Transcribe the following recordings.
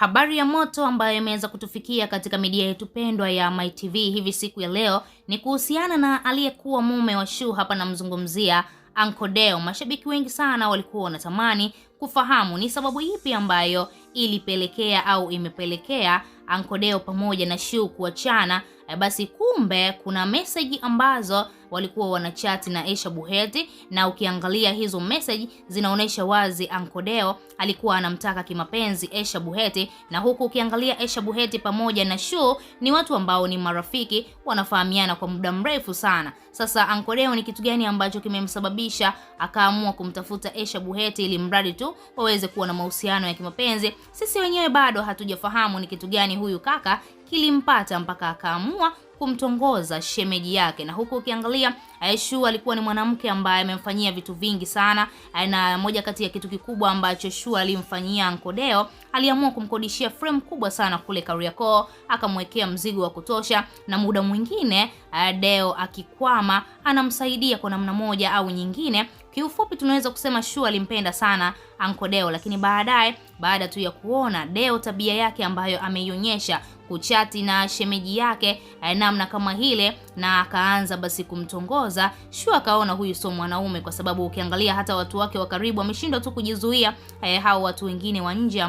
Habari ya moto ambayo imeweza kutufikia katika midia yetu pendwa ya MyTV hivi siku ya leo ni kuhusiana na aliyekuwa mume wa Shu. Hapa namzungumzia Uncle Deo. Mashabiki wengi sana walikuwa wanatamani kufahamu ni sababu ipi ambayo ilipelekea au imepelekea Uncle Deo pamoja na Shu kuachana. Eh, basi kumbe kuna meseji ambazo walikuwa wanachati na Aisha Buheti, na ukiangalia hizo message zinaonyesha wazi ankodeo Deo alikuwa anamtaka kimapenzi Aisha Buheti, na huku ukiangalia Aisha Buheti pamoja na Shu ni watu ambao ni marafiki, wanafahamiana kwa muda mrefu sana. Sasa Anko Deo ni kitu gani ambacho kimemsababisha akaamua kumtafuta Aisha Buheti ili mradi tu waweze kuwa na mahusiano ya kimapenzi? Sisi wenyewe bado hatujafahamu ni kitu gani huyu kaka kilimpata mpaka akaamua kumtongoza shemeji yake, na huku ukiangalia Shu alikuwa ni mwanamke ambaye amemfanyia vitu vingi sana, na moja kati ya kitu kikubwa ambacho Shu alimfanyia Ankodeo, aliamua kumkodishia frame kubwa sana kule Kariakoo, akamwekea mzigo wa kutosha, na muda mwingine eh, Deo akikwama anamsaidia kwa namna moja au nyingine. Kiufupi tunaweza kusema Shu alimpenda sana Anko Deo, lakini baadaye, baada tu ya kuona Deo tabia yake ambayo ameionyesha kuchati na shemeji yake eh, namna kama hile, na akaanza basi kumtongoza Roza, Shu akaona huyu sio mwanaume, kwa sababu ukiangalia hata watu wake wa karibu wameshindwa tu kujizuia eh, hao watu wengine wa nje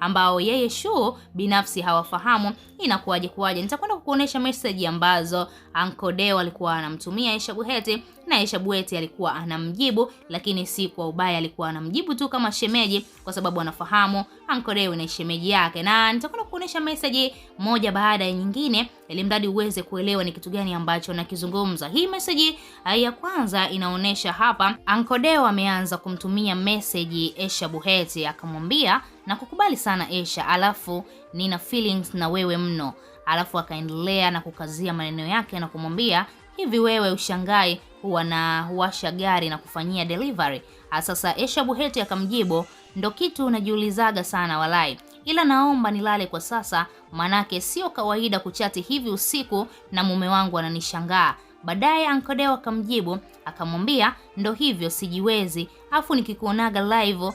ambao yeye shu binafsi hawafahamu. Inakuwaje kuwaje? Nitakwenda kuonesha meseji ambazo ankodeo Deo alikuwa anamtumia Aisha Buheti na Aisha Buheti alikuwa anamjibu, lakini si kwa ubaya, alikuwa anamjibu tu kama shemeji, kwa sababu anafahamu Anko Deo ni shemeji yake. Na nitakwenda kuonesha meseji moja baada ya nyingine, ili mradi uweze kuelewa ni kitu gani ambacho nakizungumza. Hii meseji eh, ya kwanza inaonesha hapa ankodeo Deo ameanza kumtumia meseji Aisha Buheti, akamwambia na kukubali sana Aisha, alafu nina feelings na wewe mno. Alafu akaendelea na kukazia maneno yake na kumwambia hivi, wewe ushangai wanawasha gari na kufanyia delivery? Ah, sasa Esha Buheti akamjibu, ndo kitu najiulizaga sana walai, ila naomba nilale kwa sasa, manake sio kawaida kuchati hivi usiku na mume wangu ananishangaa. Baadaye Anko Deo akamjibu akamwambia, ndo hivyo sijiwezi, afu nikikuonaga live uh,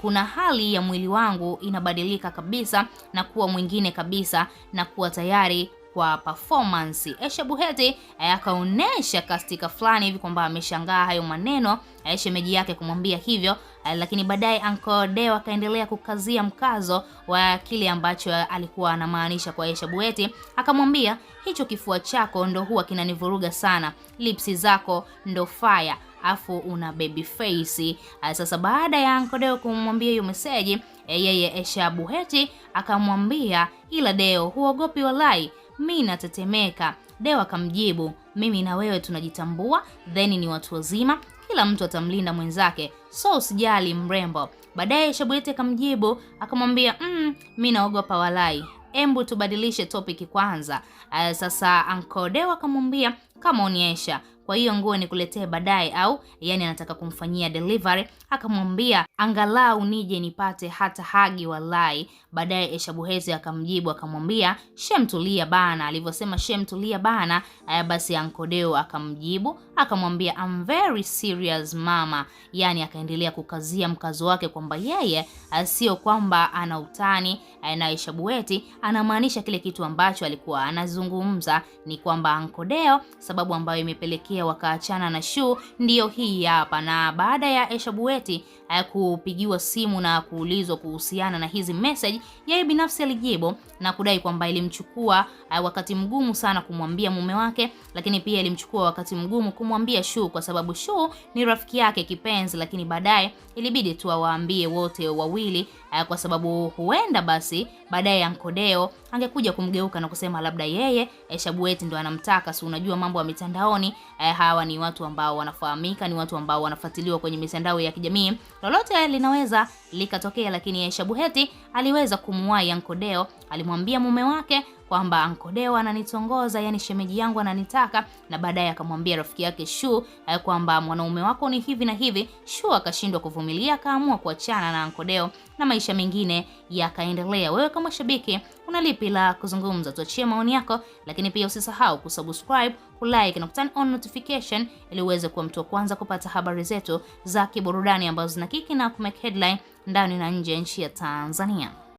kuna hali ya mwili wangu inabadilika kabisa na kuwa mwingine kabisa na kuwa tayari kwa performance. Aisha eh, Buheti eh, akaonesha kastika fulani hivi kwamba ameshangaa hayo maneno eh, shemeji yake kumwambia hivyo, lakini baadaye Uncle Deo akaendelea kukazia mkazo wa kile ambacho alikuwa anamaanisha kwa Aisha Buheti. Akamwambia, hicho kifua chako ndo huwa kinanivuruga sana, lipsi zako ndo fire afu una baby face. Sasa baada ya Uncle Deo kumwambia hiyo message, yeye Aisha Buheti akamwambia, ila Deo huogopi walai mi natetemeka. Dewa akamjibu, mimi na wewe tunajitambua, then ni watu wazima, kila mtu atamlinda mwenzake, so usijali mrembo. Baadaye Shabuleti akamjibu akamwambia, mm, mi naogopa walai, embu tubadilishe topic kwanza. Uh, sasa Anko Deo akamwambia, kama onyesha kwa hiyo nguo nikuletee baadaye au yani anataka kumfanyia delivery, akamwambia angalau nije nipate hata hagi walai. Baadaye Eshabuhezi akamjibu akamwambia shemtulia bana, alivyosema shemtulia bana. basi, Ankodeo akamjibu akamwambia I'm very serious mama, yaani akaendelea kukazia mkazo wake kwamba yeye eh, sio kwamba ana utani Aisha eh, bueti, anamaanisha kile kitu ambacho alikuwa anazungumza ni kwamba ankodeo, sababu ambayo imepelekea wakaachana na shuu ndiyo hii hapa. Na baada ya Aisha bueti Eh, kupigiwa simu na kuulizwa kuhusiana na hizi message, yeye binafsi alijibu na kudai kwamba ilimchukua eh, wakati mgumu sana kumwambia mume wake, lakini pia ilimchukua wakati mgumu kumwambia Shu kwa sababu Shu ni rafiki yake kipenzi, lakini baadaye ilibidi tu awaambie wote wawili eh, kwa sababu huenda basi baadaye Ankodeo angekuja kumgeuka na kusema labda yeye eh, ndo anamtaka. Si unajua mambo ya mitandaoni eh, hawa ni watu ambao wanafahamika, ni watu ambao wanafuatiliwa kwenye mitandao ya kijamii, lolote linaweza likatokea. Lakini eh, Shabuheti aliweza kumwahi Ankodeo, alimwambia mume wake kwamba Anko Deo ananitongoza, yani shemeji yangu ananitaka, na baadaye akamwambia rafiki yake Shu eh, kwamba mwanaume wako ni hivi na hivi. Shu akashindwa kuvumilia, akaamua kuachana na Anko Deo na maisha mengine yakaendelea. Wewe kama shabiki una lipi la kuzungumza? Tuachie maoni yako, lakini pia usisahau kusubscribe, kulike na kutan on notification ili uweze kuwa mtu wa kwanza kupata habari zetu za kiburudani ambazo zina kiki na kumake headline ndani na nje ya nchi ya Tanzania.